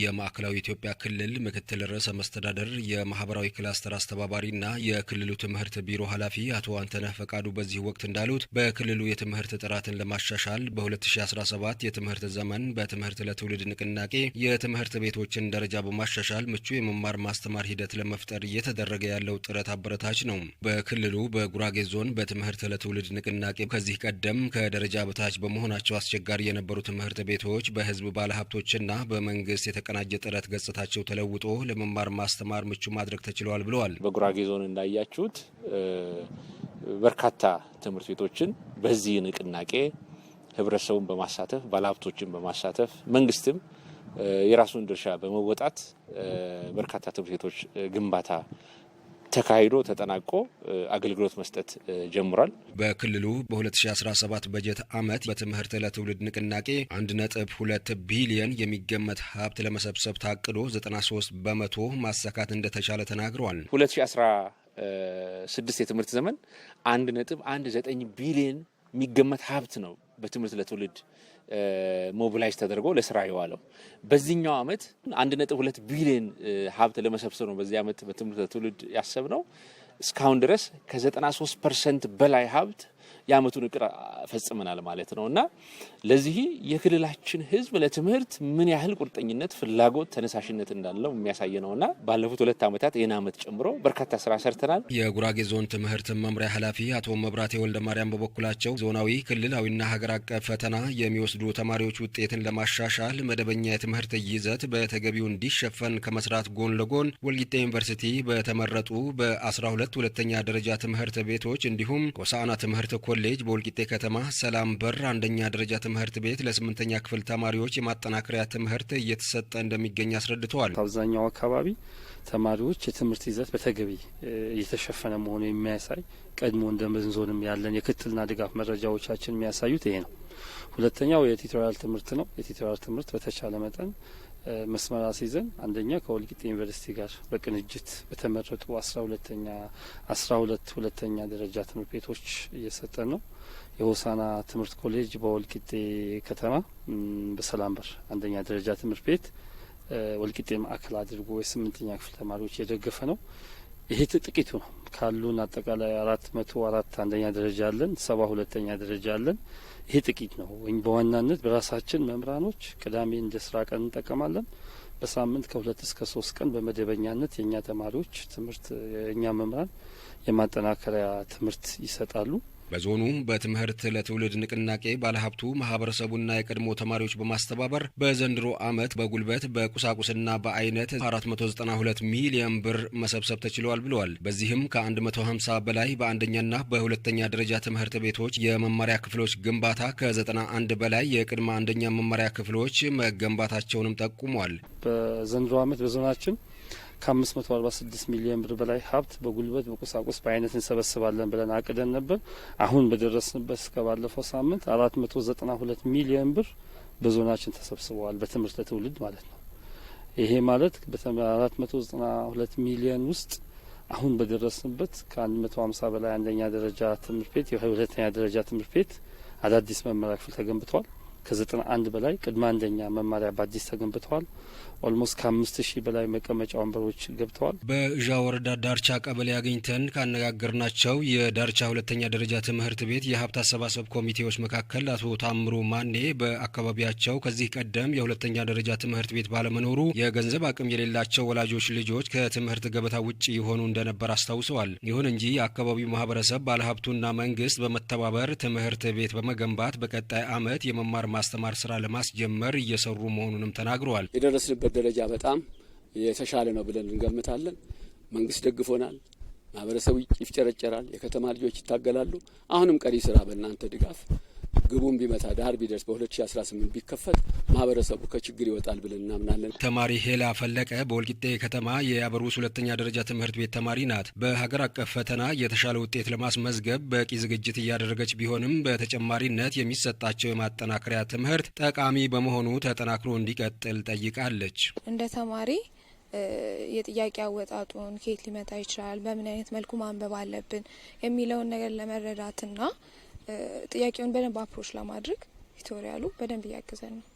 የማዕከላዊ ኢትዮጵያ ክልል ምክትል ርዕሰ መስተዳደር የማህበራዊ ክላስተር አስተባባሪና የክልሉ ትምህርት ቢሮ ኃላፊ አቶ አንተነህ ፈቃዱ በዚህ ወቅት እንዳሉት በክልሉ የትምህርት ጥራትን ለማሻሻል በ2017 የትምህርት ዘመን በትምህርት ለትውልድ ንቅናቄ የትምህርት ቤቶችን ደረጃ በማሻሻል ምቹ የመማር ማስተማር ሂደት ለመፍጠር እየተደረገ ያለው ጥረት አበረታች ነው። በክልሉ በጉራጌ ዞን በትምህርት ለትውልድ ንቅናቄ ከዚህ ቀደም ከደረጃ በታች በመሆናቸው አስቸጋሪ የነበሩ ትምህርት ቤቶች በህዝብ ባለሀብቶችና በመንግስት የተቀናጀ ጥረት ገጽታቸው ተለውጦ ለመማር ማስተማር ምቹ ማድረግ ተችለዋል ብለዋል። በጉራጌ ዞን እንዳያችሁት በርካታ ትምህርት ቤቶችን በዚህ ንቅናቄ ህብረተሰቡን በማሳተፍ ባለሀብቶችን በማሳተፍ መንግስትም የራሱን ድርሻ በመወጣት በርካታ ትምህርት ቤቶች ግንባታ ተካሂዶ ተጠናቆ አገልግሎት መስጠት ጀምሯል። በክልሉ በ2017 በጀት ዓመት በትምህርት ለትውልድ ንቅናቄ 1.2 ቢሊየን የሚገመት ሀብት ለመሰብሰብ ታቅዶ 93 በመቶ ማሳካት እንደተቻለ ተናግረዋል። 2016 የትምህርት ዘመን 1.19 ቢሊየን የሚገመት ሀብት ነው በትምህርት ለትውልድ ሞቢላይዝ ተደርጎ ለስራ የዋለው በዚህኛው አመት 1.2 ቢሊዮን ሀብት ለመሰብሰብ ነው። በዚህ አመት በትምህርት ለትውልድ ያሰብነው እስካሁን ድረስ ከ93 ፐርሰንት በላይ ሀብት የዓመቱን እቅድ ፈጽመናል ማለት ነው እና ለዚህ የክልላችን ህዝብ ለትምህርት ምን ያህል ቁርጠኝነት፣ ፍላጎት፣ ተነሳሽነት እንዳለው የሚያሳይ ነው እና ባለፉት ሁለት ዓመታት ይህን ዓመት ጨምሮ በርካታ ስራ ሰርተናል። የጉራጌ ዞን ትምህርት መምሪያ ኃላፊ አቶ መብራቴ ወልደማርያም በበኩላቸው ዞናዊ ክልላዊና ሀገር አቀፍ ፈተና የሚወስዱ ተማሪዎች ውጤትን ለማሻሻል መደበኛ የትምህርት ይዘት በተገቢው እንዲሸፈን ከመስራት ጎን ለጎን ወልቂጤ ዩኒቨርሲቲ በተመረጡ በ12 ሁለተኛ ደረጃ ትምህርት ቤቶች እንዲሁም ሆሳዕና ትምህርት ኮ ኮሌጅ በወልቂጤ ከተማ ሰላም በር አንደኛ ደረጃ ትምህርት ቤት ለስምንተኛ ክፍል ተማሪዎች የማጠናከሪያ ትምህርት እየተሰጠ እንደሚገኝ አስረድተዋል። አብዛኛው አካባቢ ተማሪዎች የትምህርት ይዘት በተገቢ እየተሸፈነ መሆኑ የሚያሳይ ቀድሞ እንደ መንዞንም ያለን የክትልና ድጋፍ መረጃዎቻችን የሚያሳዩት ይሄ ነው። ሁለተኛው የቲቶሪያል ትምህርት ነው። የቲቶሪያል ትምህርት በተቻለ መጠን መስመር አስይዘን አንደኛ ከወልቂጤ ዩኒቨርሲቲ ጋር በቅንጅት በተመረጡ አስራ ሁለተኛ አስራ ሁለት ሁለተኛ ደረጃ ትምህርት ቤቶች እየሰጠ ነው። የሆሳና ትምህርት ኮሌጅ በወልቂጤ ከተማ በሰላም በር አንደኛ ደረጃ ትምህርት ቤት ወልቂጤ ማዕከል አድርጎ የስምንተኛ ክፍል ተማሪዎች የደገፈ ነው። ይሄ ጥቂቱ ነው። ካሉን አጠቃላይ አራት መቶ አራት አንደኛ ደረጃ አለን፣ ሰባ ሁለተኛ ደረጃ አለን። ይሄ ጥቂት ነው። በዋናነት በራሳችን መምህራኖች ቅዳሜ እንደ ስራ ቀን እንጠቀማለን። በሳምንት ከሁለት እስከ ሶስት ቀን በመደበኛነት የእኛ ተማሪዎች ትምህርት የእኛ መምህራን የማጠናከሪያ ትምህርት ይሰጣሉ። በዞኑ በትምህርት ለትውልድ ንቅናቄ ባለሀብቱ ማህበረሰቡና የቀድሞ ተማሪዎች በማስተባበር በዘንድሮ ዓመት በጉልበት በቁሳቁስና በአይነት 492 ሚሊዮን ብር መሰብሰብ ተችሏል ብለዋል። በዚህም ከ150 በላይ በአንደኛና በሁለተኛ ደረጃ ትምህርት ቤቶች የመማሪያ ክፍሎች ግንባታ፣ ከ91 በላይ የቅድመ አንደኛ መማሪያ ክፍሎች መገንባታቸውንም ጠቁሟል። በዘንድሮ ዓመት በዞናችን ከ546 ሚሊዮን ብር በላይ ሀብት በጉልበት በቁሳቁስ በአይነት እንሰበስባለን ብለን አቅደን ነበር። አሁን በደረስንበት እስከ ባለፈው ሳምንት 492 ሚሊዮን ብር በዞናችን ተሰብስበዋል። በትምህርት ለትውልድ ማለት ነው። ይሄ ማለት በ492 ሚሊዮን ውስጥ አሁን በደረስንበት ከ150 በላይ አንደኛ ደረጃ ትምህርት ቤት የሁለተኛ ደረጃ ትምህርት ቤት አዳዲስ መመሪያ ክፍል ተገንብቷል። ከዘጠና አንድ በላይ ቅድመ አንደኛ መማሪያ በአዲስ ተገንብተዋል። ኦልሞስት ከአምስት ሺህ በላይ መቀመጫ ወንበሮች ገብተዋል። በእዣ ወረዳ ዳርቻ ቀበሌ አግኝተን ካነጋገርናቸው የዳርቻ ሁለተኛ ደረጃ ትምህርት ቤት የሀብት አሰባሰብ ኮሚቴዎች መካከል አቶ ታምሩ ማኔ በአካባቢያቸው ከዚህ ቀደም የሁለተኛ ደረጃ ትምህርት ቤት ባለመኖሩ የገንዘብ አቅም የሌላቸው ወላጆች ልጆች ከትምህርት ገበታ ውጭ የሆኑ እንደነበር አስታውሰዋል። ይሁን እንጂ የአካባቢው ማህበረሰብ ባለሀብቱና መንግስት በመተባበር ትምህርት ቤት በመገንባት በቀጣይ ዓመት የመማር የማስተማር ስራ ለማስጀመር እየሰሩ መሆኑንም ተናግረዋል። የደረስንበት ደረጃ በጣም የተሻለ ነው ብለን እንገምታለን። መንግስት ደግፎናል። ማህበረሰቡ ይፍጨረጨራል። የከተማ ልጆች ይታገላሉ። አሁንም ቀሪ ስራ በእናንተ ድጋፍ ግቡን ቢመታ ዳር ቢደርስ በ2018 ቢከፈት ማህበረሰቡ ከችግር ይወጣል ብለን እናምናለን። ተማሪ ሄላ ፈለቀ በወልቂጤ ከተማ የአበሩስ ሁለተኛ ደረጃ ትምህርት ቤት ተማሪ ናት። በሀገር አቀፍ ፈተና የተሻለ ውጤት ለማስመዝገብ በቂ ዝግጅት እያደረገች ቢሆንም በተጨማሪነት የሚሰጣቸው የማጠናከሪያ ትምህርት ጠቃሚ በመሆኑ ተጠናክሮ እንዲቀጥል ጠይቃለች። እንደ ተማሪ የጥያቄ አወጣጡን ከየት ሊመጣ ይችላል፣ በምን አይነት መልኩ ማንበብ አለብን የሚለውን ነገር ለመረዳትና ጥያቄውን በደንብ አፕሮች ለማድረግ ቱቶሪያሉ በደንብ እያገዘን ነው።